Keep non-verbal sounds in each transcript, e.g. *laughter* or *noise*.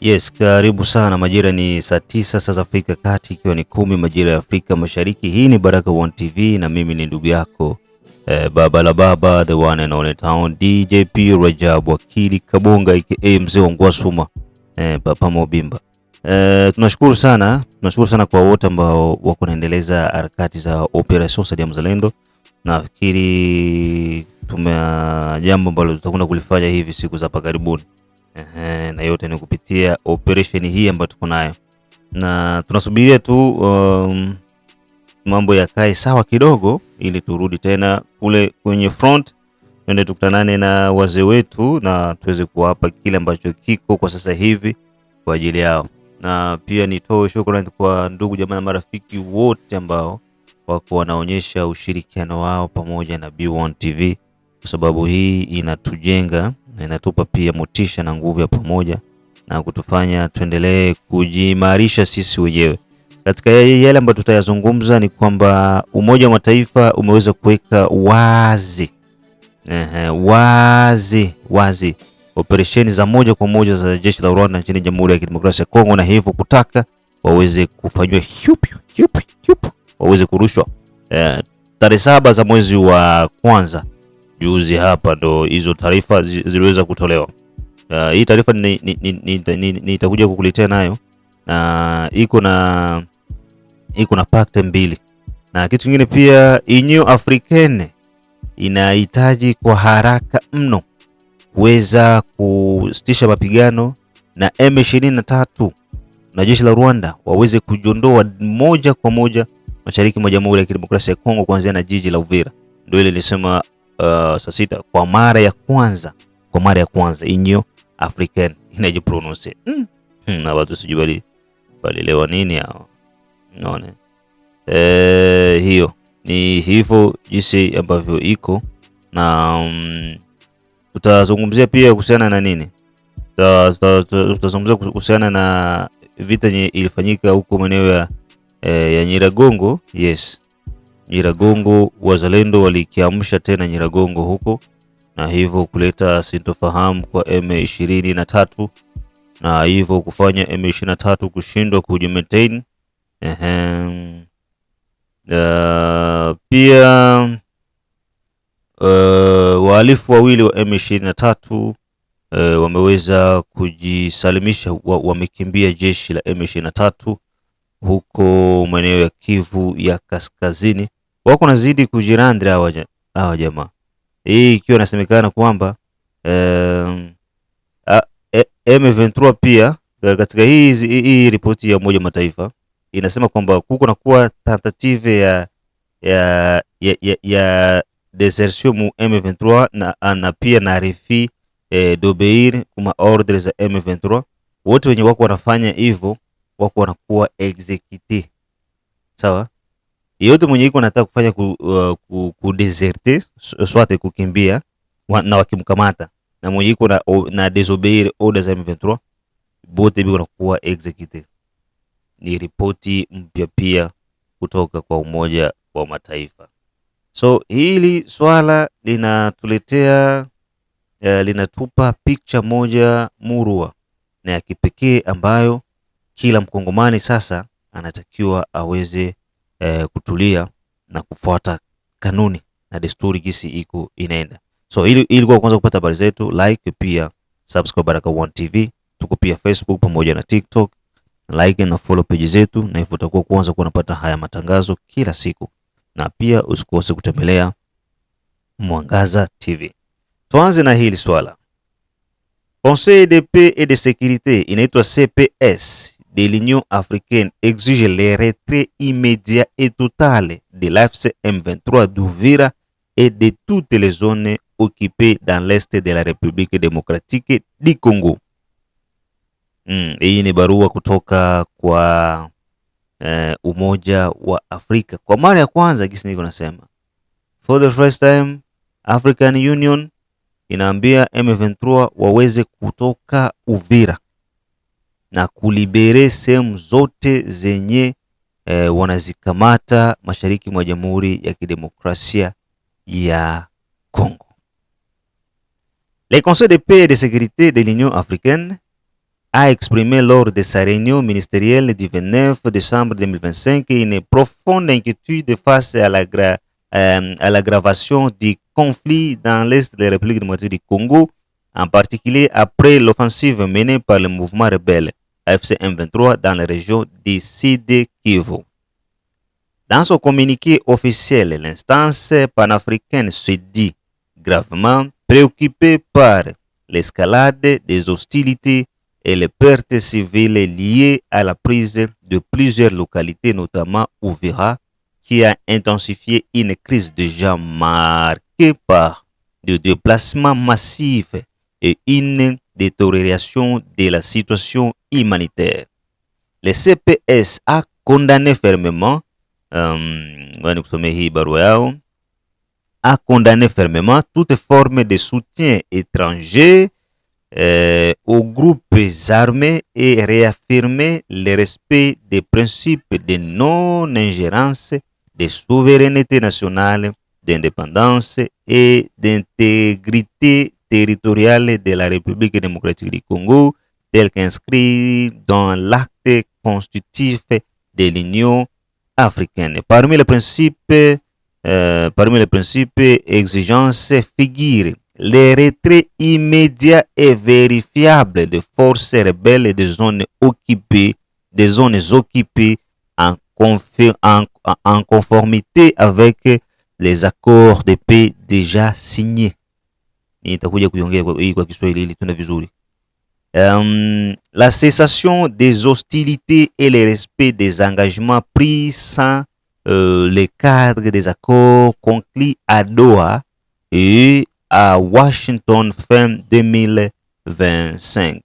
Yes, karibu sana. Majira ni saa tisa sasa Afrika Kati, ikiwa ni kumi majira ya Afrika Mashariki. Hii ni Baraka One TV na mimi ni ndugu yako eh, baba la baba, the one and only town DJP Rajab Wakili Kabonga aka mzee wa Ngwasuma eh, papa Mobimba. Eh, tunashukuru sana, tunashukuru sana kwa wote ambao wako naendeleza harakati za Operation Sadia Mzalendo. Nafikiri tumea jambo ambalo tutakwenda kulifanya hivi siku za hapa karibuni. Ehe, na yote ni kupitia operation hii ambayo tuko nayo na tunasubiria tu um, mambo yakae sawa kidogo, ili turudi tena kule kwenye front, tuende tukutanane na wazee wetu na tuweze kuwapa kile ambacho kiko kwa sasa hivi kwa ajili yao. Na pia nitoe shukrani kwa ndugu jamaa na marafiki wote ambao wako wanaonyesha ushirikiano wao pamoja na B1 TV, kwa sababu hii inatujenga na inatupa pia motisha na nguvu ya pamoja na kutufanya tuendelee kujimarisha sisi wenyewe. Katika yale ambayo tutayazungumza ni kwamba Umoja wa Mataifa umeweza kuweka wazi ehe, wazi wazi operesheni za moja kwa moja za jeshi la Rwanda nchini Jamhuri ya Kidemokrasia ya Kongo, na hivyo kutaka waweze kufanyiwa waweze kurushwa eh, tarehe saba za mwezi wa kwanza juzi hapa ndo hizo taarifa ziliweza kutolewa. Uh, hii taarifa nitakuja kukuletea nayo na iko na iko na pact mbili, na kitu kingine pia Union Africaine inahitaji kwa haraka mno kuweza kusitisha mapigano na M23 na jeshi la Rwanda waweze kujiondoa moja kwa moja mashariki mwa Jamhuri ya Kidemokrasia ya Kongo kuanzia na jiji la Uvira. Ndio ile nilisema Uh, saa sita kwa mara ya kwanza, kwa mara ya kwanza inyo African inajipronounce mm. Hmm, na watu sijui bali walielewa nini hao, unaona e, hiyo ni hivyo jinsi ambavyo iko na um, tutazungumzia pia kuhusiana na nini, tutazungumzia kuhusiana na vita yenye ilifanyika huko maeneo ya, eh, ya Nyiragongo yes Nyiragongo, wazalendo walikiamsha tena Nyiragongo huko na hivyo kuleta sintofahamu kwa M23 na hivyo kufanya M23 kushindwa kujimaintain. Uh, pia uh, wahalifu wawili wa M23 uh, eh, wameweza kujisalimisha, wamekimbia jeshi la M23 huko maeneo ya Kivu ya Kaskazini wako nazidi kujirandira hawa jamaa. Hii ikiwa inasemekana kwamba eh, M23 pia katika hii, hii ripoti ya Umoja Mataifa inasema kwamba kuko na kuwa tentative ya, ya, ya, ya, ya desertion mu M23 na, na pia na refi eh, d'obeir kuma ordre za M23. Wote wenye wako wanafanya hivyo wako wanakuwa execute sawa yeyote mwenye iko nataka kufanya ku, uh, ku, ku deserter soit kukimbia wa, na wakimkamata na mwenye iko na, na desobeir ordre za M23 bote biko nakuwa execute. Ni ripoti mpya pia kutoka kwa Umoja wa Mataifa. So hili swala linatuletea uh, linatupa picha moja murua na ya kipekee ambayo kila mkongomani sasa anatakiwa aweze eh, kutulia na kufuata kanuni na desturi gisi iko inaenda. So ili ilikuwa kwanza kupata habari zetu, like pia subscribe baraka One TV. Tuko pia Facebook pamoja na TikTok. Like na follow page zetu, na hivyo utakuwa kwanza kuwa unapata haya matangazo kila siku, na pia usikose kutembelea Mwangaza TV. Tuanze na hili swala. Conseil de paix et de sécurité inaitwa CPS de l'Union africaine exige le retrait immédiat et total de l'AFC M23 d'Ouvira et de toutes les zones occupées dans l'est de la République démocratique du Congo. Mm, hii ni barua kutoka kwa eh, Umoja wa Afrika kwa mara ya kwanza kisi niko nasema. For the first time African Union inaambia M23 waweze kutoka Uvira. na kulibere zote zenye eh, wanazikamata mashariki Le Conseil de paix et de sécurité de l'Union africaine a exprimé lors de sa réunion ministérielle du 29 décembre 2025 une profonde inquiétude face euh, à l'aggravation du conflit dans l'est de la République démocratique du Congo, en particulier après l'offensive menée par le mouvement rebelle fcm 23 dans la région du Sud Kivu. Dans son communiqué officiel, l'instance panafricaine se dit gravement préoccupée par l'escalade des hostilités et les pertes civiles liées à la prise de plusieurs localités, notamment Ouvira, qui a intensifié une crise déjà marquée par des déplacements massifs et une détérioration de la situation humanitaire. Le CPS a condamné fermement euh, a condamné fermement toute forme de soutien étranger euh, aux groupes armés et réaffirmé le respect des principes de non-ingérence, de souveraineté nationale, d'indépendance et d'intégrité territoriales de la République démocratique du Congo, tel qu'inscrit dans l'acte constitutif de l'Union africaine. Parmi les principes, euh, parmi les principes exigences figurent les retraits immédiats et vérifiables de forces rebelles des zones occupées, des zones occupées en conformité avec les accords de paix déjà signés la cessation des hostilités et le respect des engagements pris sans euh, le cadre des accords conclus à Doha et à Washington fin 2025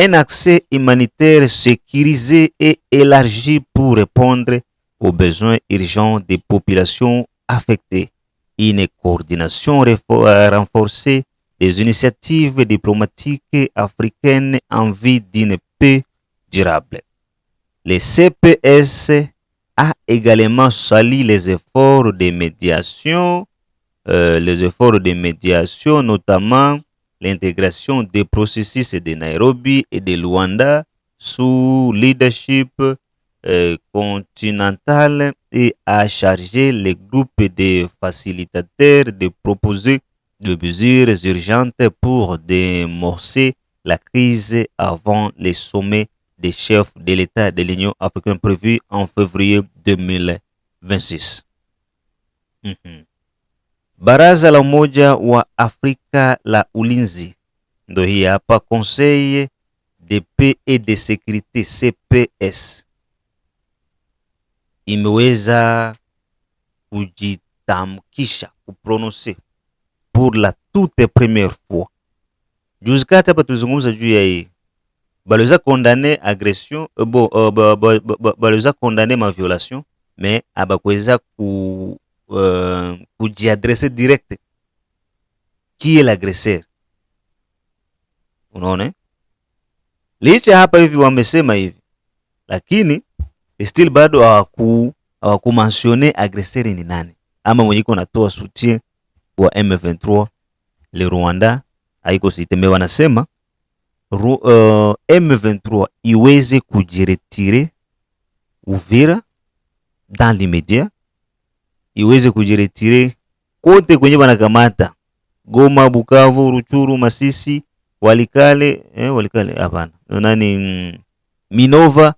un accès humanitaire sécurisé et élargi pour répondre aux besoins urgents des populations affectées, une coordination renforcée des initiatives diplomatiques africaines en vue d'une paix durable. Le CPS a également sali les efforts de médiation, euh, les efforts de médiation notamment l'intégration des processus de Nairobi et de Luanda sous leadership euh, continental et a chargé les groupes de facilitateurs de proposer des mesures urgentes pour démorcer la crise avant les sommets des chefs de l'État de l'Union africaine prévu en février 2026. Baraza la Umoja wa Afrika la Ulinzi, ndo hii hapa Conseil de Paix et de sécurité CPS, imeweza kujitamkisha kuprononce pour la toute premiere fois. Juzi kati hapa tulizungumza juu ya hii, baliweza kondane agression eh, bo, eh, baliweza kondane ma mais abakuweza ku uh, kujiadrese direct kiye l'agresser. Unaona, licha hapa hivi wamesema hivi, lakini still bado hawaku hawakumensione agresseur ni nani, ama mwenye natoa soutien kwa M23 le Rwanda haiko siteme, wanasema Ru, uh, M23 iweze kujiretire Uvira dans l'immédiat iweze kujiretire kote kwenye banakamata Goma, Bukavu, Ruchuru, Masisi, Walikale, eh, Walikale hapana, nani mm, Minova,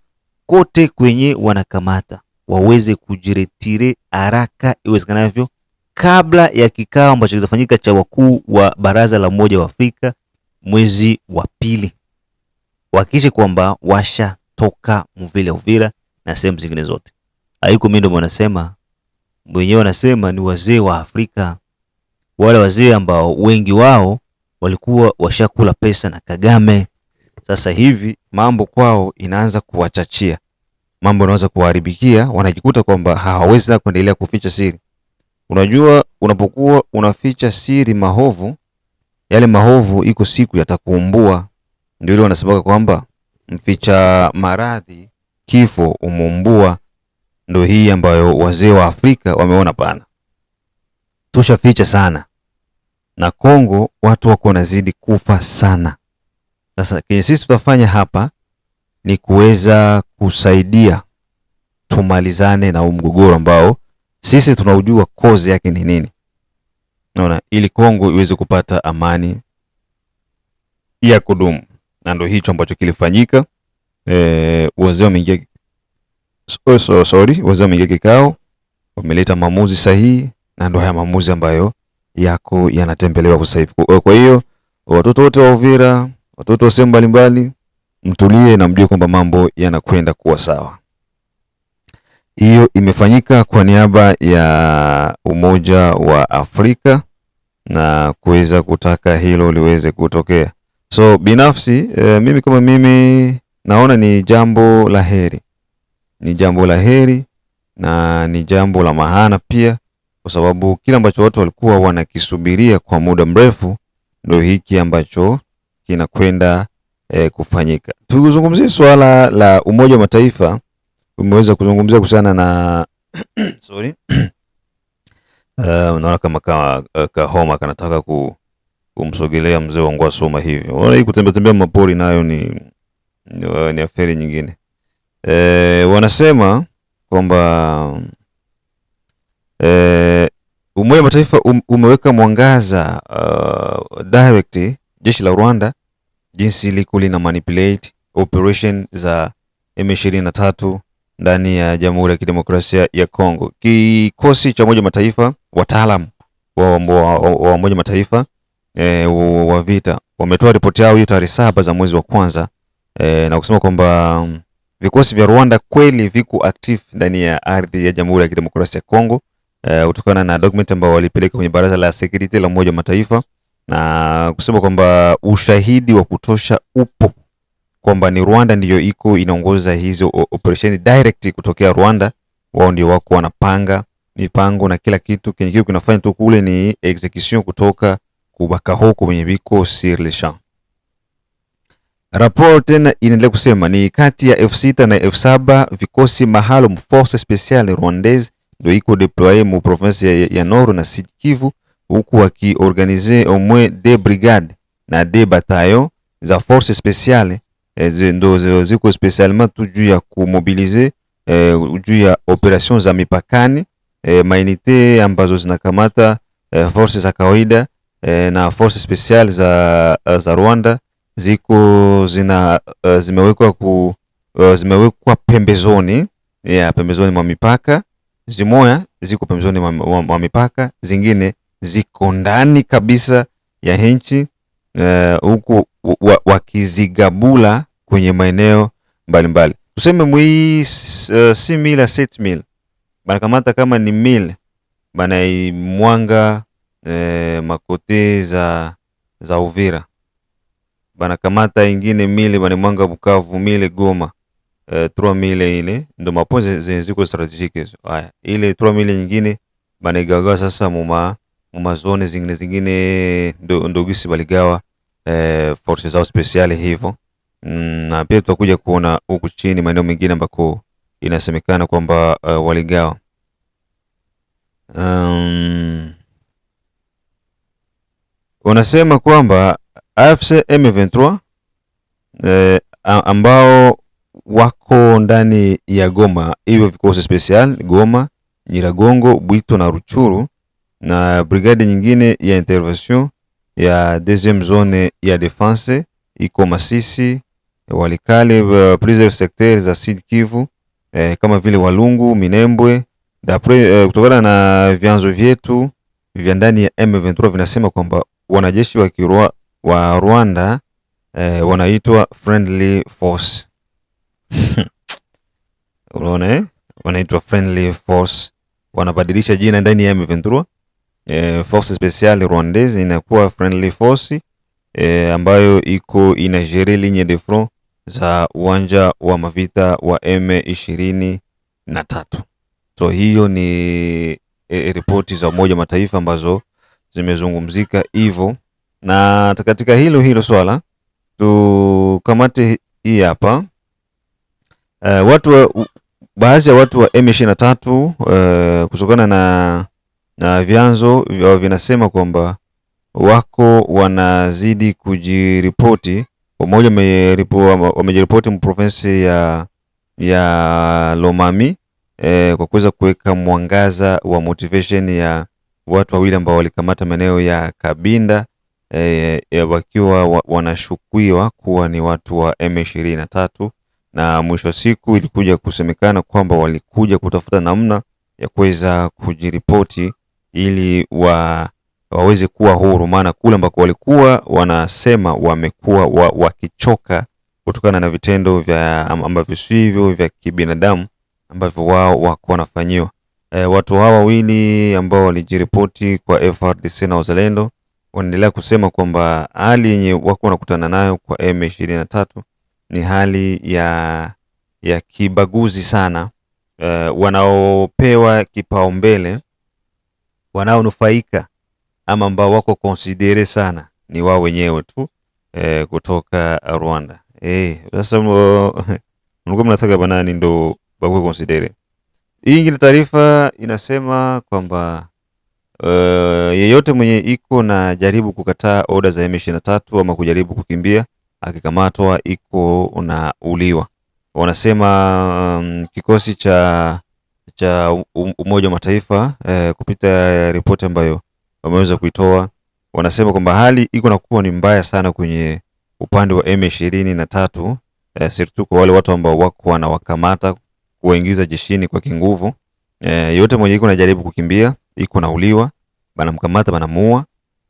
kote kwenye wanakamata waweze kujiretire haraka iwezekanavyo kabla ya kikao ambacho kitafanyika cha wakuu wa baraza la Umoja wa Afrika mwezi wa pili, wakishe kwamba washatoka mvile Uvira na sehemu zingine zote. Haiko mimi ndio mwanasema wenyewe wanasema ni wazee wa Afrika, wale wazee ambao wengi wao walikuwa washakula pesa na Kagame. Sasa hivi mambo kwao inaanza kuwachachia, mambo yanaanza kuwaharibikia, wanajikuta kwamba hawawezi kuendelea kuficha siri. Unajua, unapokuwa unaficha siri mahovu, yale mahovu iko siku yatakuumbua. Ndio ile wanasemaka kwamba mficha maradhi kifo umumbua ndo hii ambayo wazee wa Afrika wameona pana, tushaficha sana, na Kongo watu wako wanazidi kufa sana. Sasa kenye sisi tutafanya hapa ni kuweza kusaidia tumalizane na huu mgogoro ambao sisi tunaujua kozi yake ni nini, naona ili Kongo iweze kupata amani ya kudumu, na ndio hicho ambacho kilifanyika. E, wazee wameingia so, oh, so, sorry, wazee wameingia kikao, wameleta maamuzi sahihi, na ndio haya maamuzi ambayo yako yanatembelewa kwa sasa hivi. Kwa hiyo watoto wote wa Uvira, watoto wa sehemu mbalimbali, mtulie na mjue kwamba mambo yanakwenda kuwa sawa. Hiyo imefanyika kwa niaba ya Umoja wa Afrika na kuweza kutaka hilo liweze kutokea. So binafsi eh, mimi kama mimi naona ni jambo la heri ni jambo la heri na ni jambo la maana pia, kwa sababu kile ambacho watu walikuwa wanakisubiria kwa muda mrefu ndio hiki ambacho kinakwenda e, kufanyika. Tukizungumzia swala la Umoja wa Mataifa, umeweza kuzungumzia kuhusiana na *coughs* sorry uh, *coughs* naona kama ka, eh, ka homa kanataka ku, kumsogelea mzee wangu asoma hivyo. Hii kutembea tembea mapori nayo ni, ni, ni aferi nyingine e, wanasema kwamba e, Umoja wa Mataifa um, umeweka mwangaza uh, direct jeshi la Rwanda jinsi liko lina manipulate operation za M23 ndani ya Jamhuri ya Kidemokrasia ya Kongo. Kikosi cha Umoja Mataifa, wataalam wa Umoja Mataifa e, wa vita wametoa ripoti yao hiyo tarehe saba za mwezi wa kwanza e, na kusema kwamba Vikosi vya Rwanda kweli viko active ndani ya ardhi ya Jamhuri ya Kidemokrasia ya Kongo eh, kutokana uh, na document ambao walipeleka kwenye Baraza la Security la Umoja wa Mataifa na kusema kwamba ushahidi wa kutosha upo kwamba ni Rwanda ndiyo iko inaongoza hizo operation direct kutokea Rwanda. Wao ndio wako wanapanga mipango na kila kitu, kenye kio kinafanya tu kule ni execution kutoka kubaka huko kwenye viko sur le champ. Rapport tena inaendelea kusema ni kati ya elfu sita na elfu saba vikosi maalum force speciale rwandaise ndio iko deploye mu province ya, ya Nord na Sud Kivu, huku wakiorganize au moins de brigade na de bataillon za force speciale e, ndo ziko specialement tu juu ya kumobilize e, juu ya operation za mipakani e, mainite ambazo zinakamata e, force za kawaida e, na force speciale za, za Rwanda ziko zina uh, zimewekwa ku uh, zimewekwa pembezoni ya yeah, pembezoni mwa mipaka. Zimoya ziko pembezoni mwa mipaka, zingine ziko ndani kabisa ya nchi uh, huku uh, wakizigabula kwenye maeneo mbalimbali. Tuseme mwii uh, si a set mil banakamata kama ni mil banaimwanga uh, makote za, za Uvira banakamata ingine mile banimwanga Bukavu mile Goma uh, eh, 3000 ile ndo mapo zenye ziko strategique hizo. Haya, ile 3000 nyingine banaigawa sasa muma muma zone zingine zingine, ndo ndo gisi baligawa eh, forces au special hivyo mm, na pia tutakuja kuona huku chini maeneo mengine ambako inasemekana kwamba uh, waligawa um, wanasema kwamba AFC M23 eh, ambao wako ndani ya Goma, hivyo vikosi special Goma, Nyiragongo, Bwito na Ruchuru na brigade nyingine ya intervention ya deuxième zone ya defense iko Masisi, Walikale, uh, plusieurs secteurs za Sud Kivu eh, kama vile Walungu, Minembwe. eh, kutokana na vyanzo vyetu vya ndani ya M23 vinasema kwamba wanajeshi wa kirwa wa Rwanda eh, wanaitwa friendly force *laughs* unaona eh? wanaitwa friendly force, wanabadilisha jina ndani ya Ventura eh, force Special rwandaise inakuwa friendly force eh, ambayo iko inajere linye de front za uwanja wa mavita wa M23. So hiyo ni e, e, ripoti za Umoja Mataifa ambazo zimezungumzika hivyo na katika hilo hilo swala tukamate hii hapa uh, watu baadhi ya watu wa M23 uh, eh, kutokana na, na vyanzo vinasema kwamba wako wanazidi kujiripoti wamoja wamejiripoti mprovensi ya, ya Lomami eh, kwa kuweza kuweka mwangaza wa motivation ya watu wawili ambao walikamata maeneo ya Kabinda e, e, wakiwa wanashukiwa kuwa ni watu wa M23 na mwisho wa siku ilikuja kusemekana kwamba walikuja kutafuta namna ya kuweza kujiripoti ili wa, waweze kuwa huru, maana kule ambako walikuwa wanasema wamekuwa wa, wakichoka kutokana na vitendo vya ambavyo sivyo vya kibinadamu ambavyo wao wako wanafanyiwa. E, watu hawa wawili ambao walijiripoti kwa FRDC na Wazalendo wanaendelea kusema kwamba hali yenye wako wanakutana nayo kwa M23 ni hali ya, ya kibaguzi sana. Uh, wanaopewa kipaumbele, wanaonufaika ama ambao wako konsidere sana ni wao wenyewe tu eh, kutoka Rwanda. Eh, sasa *laughs* mlikuwa mnataka banani ndo bakuwe konsidere. Hii ingine taarifa inasema kwamba Uh, yeyote mwenye iko na jaribu kukataa oda za M23 ama kujaribu kukimbia akikamatwa iko na uliwa. Wanasema um, kikosi cha cha Umoja wa Mataifa eh, kupita ripoti ambayo wameweza kuitoa wanasema kwamba hali iko na kuwa ni mbaya sana kwenye upande wa M23 eh, sirtu kwa wale watu ambao wako wanawakamata kuwaingiza jeshini kwa kinguvu eh, yote mwenye iko na jaribu kukimbia iko nauliwa banamkamata banamuua,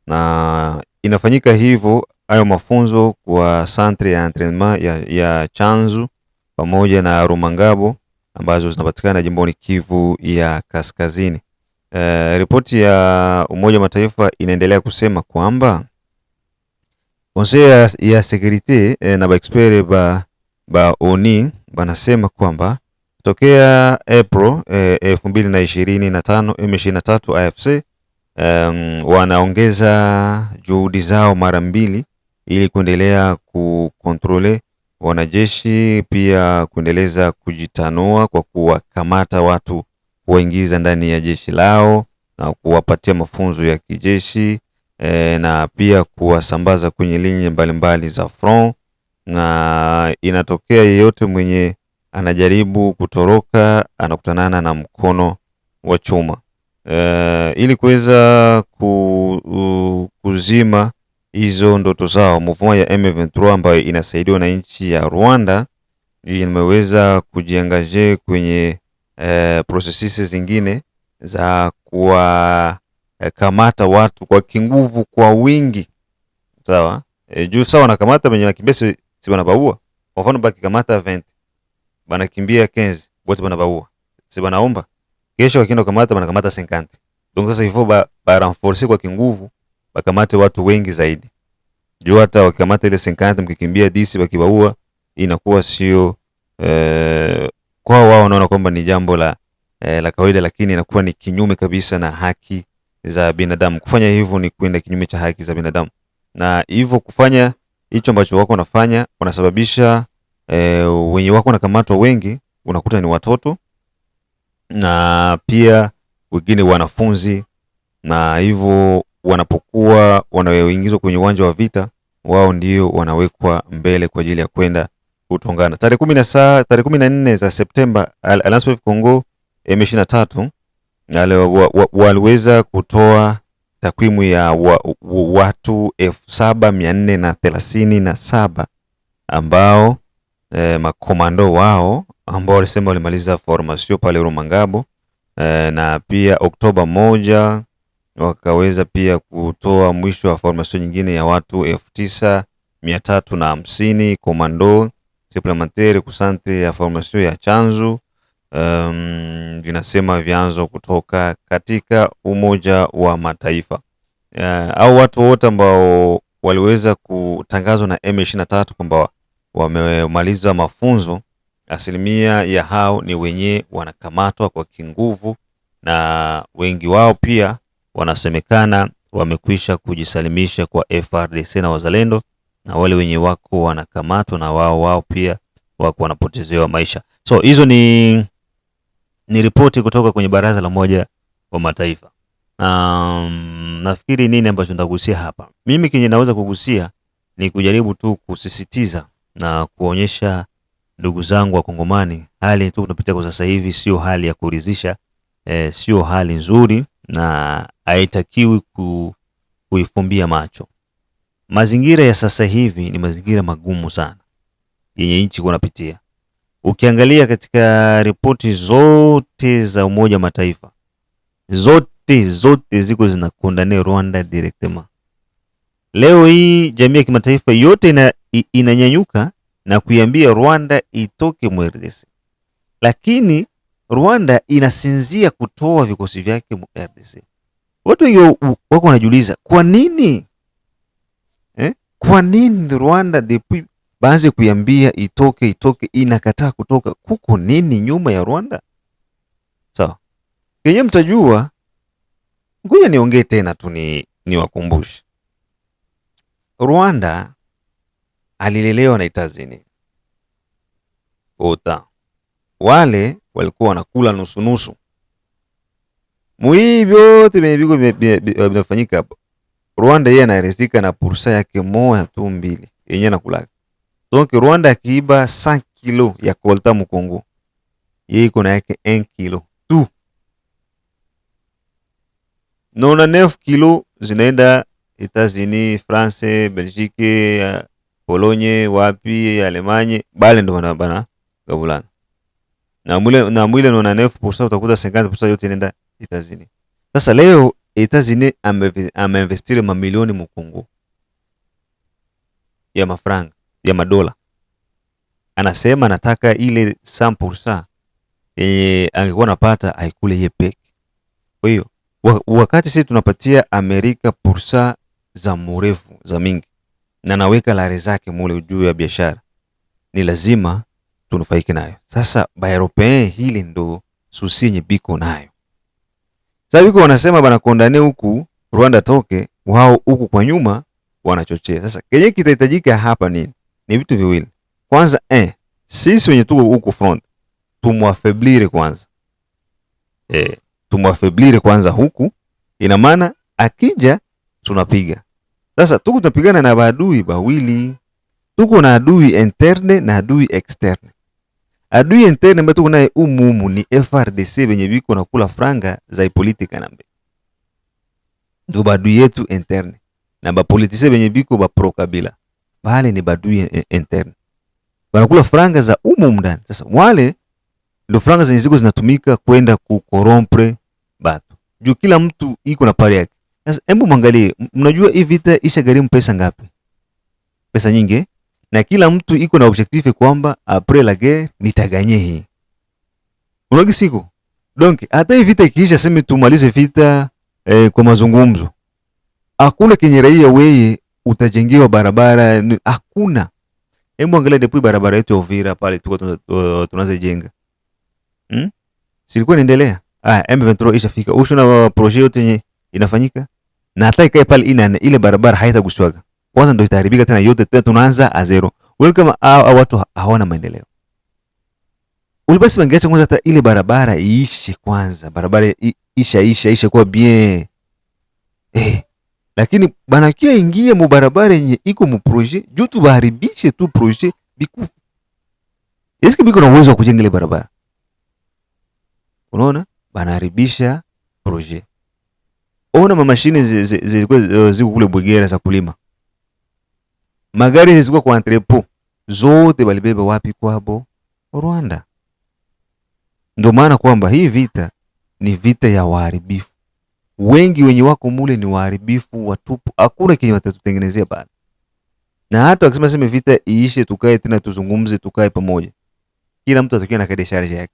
na inafanyika hivyo hayo mafunzo kwa santre ya entraînement ya, ya Chanzu pamoja na Rumangabo ambazo zinapatikana jimboni Kivu ya Kaskazini. E, ripoti ya Umoja wa Mataifa inaendelea kusema kwamba Conseil ya, ya sekurite e, eh, na baexpere ba, ba oni banasema kwamba tokea April eh, elfu mbili na ishirini na tano M ishirini um, wanaongeza juhudi zao mara mbili ili kuendelea kukontrole wanajeshi, pia kuendeleza kujitanua kwa kuwakamata watu, kuwaingiza ndani ya jeshi lao na kuwapatia mafunzo ya kijeshi e, na pia kuwasambaza kwenye linye mbalimbali za front, na inatokea yeyote mwenye anajaribu kutoroka anakutanana na mkono wa chuma uh, ili kuweza ku, uh, kuzima hizo ndoto zao. Movement ya M23 ambayo inasaidiwa na nchi ya Rwanda imeweza kujiangaje kwenye uh, processes zingine za kuwakamata uh, watu kwa kinguvu kwa wingi, sawa e, juu sawa wanakamata wenye nakimbia, si wanabaua. Kwa mfano bakikamata 20 banakimbia 15 wote banabaua, si banaomba Kesho wakienda kukamata wanakamata senkanti. Donc sasa ifo ba, ba kwa kinguvu wakamate watu wengi zaidi. Jua hata wakikamata ile senkanti mkikimbia disi wakiwaua inakuwa sio eh, kwa wao wanaona kwamba ni jambo la eh, la kawaida, lakini inakuwa ni kinyume kabisa na haki za binadamu. Kufanya hivyo ni kwenda kinyume cha haki za binadamu, na hivyo kufanya hicho ambacho wako wanafanya wanasababisha eh, wenye wako wanakamatwa wengi unakuta ni watoto na pia wengine wanafunzi, na hivyo wanapokuwa wanaingizwa kwenye uwanja wa vita, wao ndio wanawekwa mbele kwa ajili ya kwenda kutongana. Tarehe kumi na saa tarehe kumi na nne za Septemba, Alliance Fleuve Congo M23 waliweza kutoa takwimu ya wa, wa, watu elfu saba mia nne na thelathini na saba ambao eh, makomando wao ambao walisema walimaliza formation pale Rumangabo e, na pia Oktoba moja wakaweza pia kutoa mwisho wa formation nyingine ya watu elfu tisa mia tatu na hamsini komando supplementaire kusante ya formation ya chanzu um, vinasema vyanzo kutoka katika Umoja wa Mataifa uh, au watu wote ambao waliweza kutangazwa na M23 kwamba wamemaliza mafunzo Asilimia ya hao ni wenye wanakamatwa kwa kinguvu na wengi wao pia wanasemekana wamekwisha kujisalimisha kwa FRDC na wazalendo, na wale wenye wako wanakamatwa na wao wao pia wako wanapotezewa maisha. So hizo ni, ni ripoti kutoka kwenye baraza la Umoja wa Mataifa. Um, nafikiri nini ambacho nitagusia hapa, mimi kenye naweza kugusia ni kujaribu tu kusisitiza na kuonyesha ndugu zangu wa Kongomani, hali tu tunapitia kwa sasa hivi sio hali ya kuridhisha, e, sio hali nzuri na haitakiwi ku, kuifumbia macho. Mazingira ya sasa hivi ni mazingira magumu sana yenye nchi kunapitia. Ukiangalia katika ripoti zote za Umoja wa Mataifa zote zote ziko zinakondania Rwanda directement. Leo hii jamii ya kimataifa yote ina, inanyanyuka na kuiambia Rwanda itoke MRDC, lakini Rwanda inasinzia kutoa vikosi vyake MRDC. Watu wengi wako wanajiuliza kwa nini eh? Kwa nini Rwanda depuis baanze kuiambia itoke itoke, inakataa kutoka? Kuko nini nyuma ya Rwanda? Sawa, so, kenyewe mtajua. Ngoja niongee tena tu ni niwakumbushe Rwanda alilelewa na itazini ota. Wale walikuwa wanakula nusu nusu, muhii vyote venye viko vinafanyika hapo Rwanda, yeye anarizika na pursa yake moja tu mbili yenye anakula Donc Rwanda akiiba 5 kilo ya kolta mukongo, yeye iko na yake 1 kilo tu, nona 9 kilo zinaenda Etats-Unis, France, Belgique Polonye wapi Alemanye bale ndo bana bana gavulana na mwile na mwile na nef pour ça utakuta 50% yote inaenda itazini. Sasa leo Etazini ameinvestire mamilioni mukungu ya mafranga ya madola, anasema anataka ile 100% yenye angekuwa anapata aikule ye peke. Kwa hiyo wakati sisi tunapatia Amerika pursa za murefu za mingi na anaweka lare zake mule juu ya biashara, ni lazima tunufaike nayo. Sasa baeuropeen hili ndo susi susinye biko nayo sasa, biko wanasema bana kondane huku Rwanda toke wao huku kwa nyuma wanachochea. Sasa kenye kitahitajika hapa nini? Ni vitu viwili. Kwanza eh, sisi wenye tuko huku front tumwafablire kwanza, eh, tumwafablire kwanza huku, ina maana akija tunapiga sasa tuko tunapigana na adui bawili, tuko na adui interne na adui externe. Adui interne ambaye tuko naye umu umu ni FRDC wenye viko na kula franga za ipolitika nambe, ndio badui yetu interne, na ba politisi wenye viko ba pro kabila bale ni badui interne, wanakula franga za umu umu ndani. Sasa wale ndio franga zenye ziko zinatumika kwenda ku corrompre batu juu kila mtu iko na pari yake sasa hebu mwangalie, mnajua hii vita isha gharimu pesa ngapi? Pesa nyingi eh? na kila mtu iko na objective kwamba après la guerre nitaganye hii. Unaona siku? Donc hata hii vita ikiisha, sema tumalize vita eh, kwa mazungumzo. Hakuna kenye raia weye utajengewa barabara, hakuna. Hebu angalia depuis barabara yetu ya Uvira pale tuko tunaanza jenga. Hmm? Silikuwa inaendelea. Ah, M23 ishafika. Ushona projet yote inafanyika na hata ikae pale ile ile barabara haitaguswaga. Kwanza ndio itaharibika tena yote, tena tunaanza azero. Wewe kama watu hawana maendeleo, ulibasi mangeacha kwanza hata ile barabara iishe kwanza, barabara isha isha isha kwa bien eh, lakini banakia ingie mu barabara yenye iko mu projet juu tu baharibishe tu projet bikufu. Eske biko na uwezo wa kujenga ile barabara? Unaona, banaharibisha projet. Ona mamashine zilikuwa uh, ziko kule Bugera za kulima, magari zilikuwa kwa entrepot zote, balibeba wapi? Kwabo Rwanda. Ndio maana kwamba hii vita ni vita ya waharibifu, wengi wenye wako mule ni waharibifu watupu, hakuna kenye watatutengenezea bana. Na hata wakisema sema vita iishe, tukae tena tuzungumze, tukae pamoja, kila mtu atokia na kade sharje yake.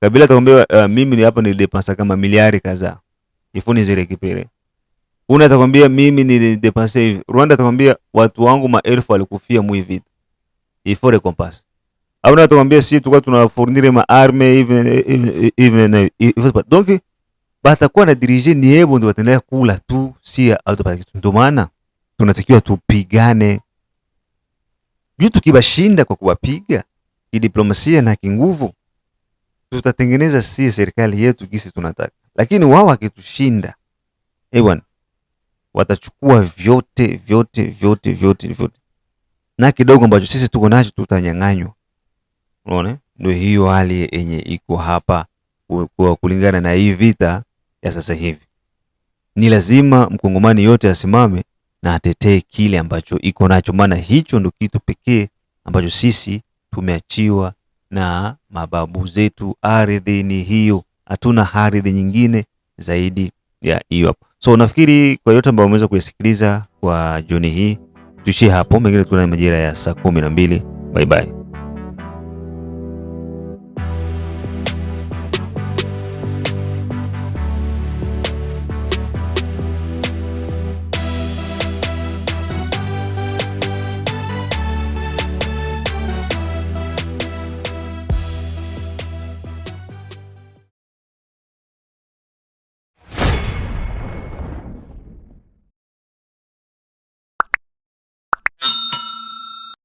Kabila atakwambia uh, mimi ni hapa nilidepansa kama miliari kadhaa Jifuni zile kipere. Una atakwambia mimi ni de passive. Rwanda atakwambia watu wangu maelfu walikufia mwi vita. Ifore compass. Au na atakwambia sisi tulikuwa tunafurnire ma arme even even even. Donc batakuwa na dirige ni yebo ndo wataendelea kula tu si auto autopatiki. Ndio maana tunatakiwa tupigane. Juu tukibashinda kwa kuwapiga kidiplomasia na kinguvu, tutatengeneza si serikali yetu gisi tunataka lakini wao wakitushinda, eh bwana, watachukua vyote vyote vyote vyote vyote, na kidogo ambacho sisi tuko nacho tutanyang'anywa. Unaona, ndio hiyo hali yenye iko hapa kwa kulingana na hii vita ya sasa hivi. Ni lazima mkongomani yote asimame na atetee kile ambacho iko nacho, maana hicho ndio kitu pekee ambacho sisi tumeachiwa na mababu zetu. Ardhi ni hiyo hatuna ardhi nyingine zaidi ya hiyo hapo. So nafikiri kwa yote ambayo wameweza kuisikiliza kwa jioni hii tuishie hapo, mengine tukutane majira ya saa kumi na mbili. Bye bye.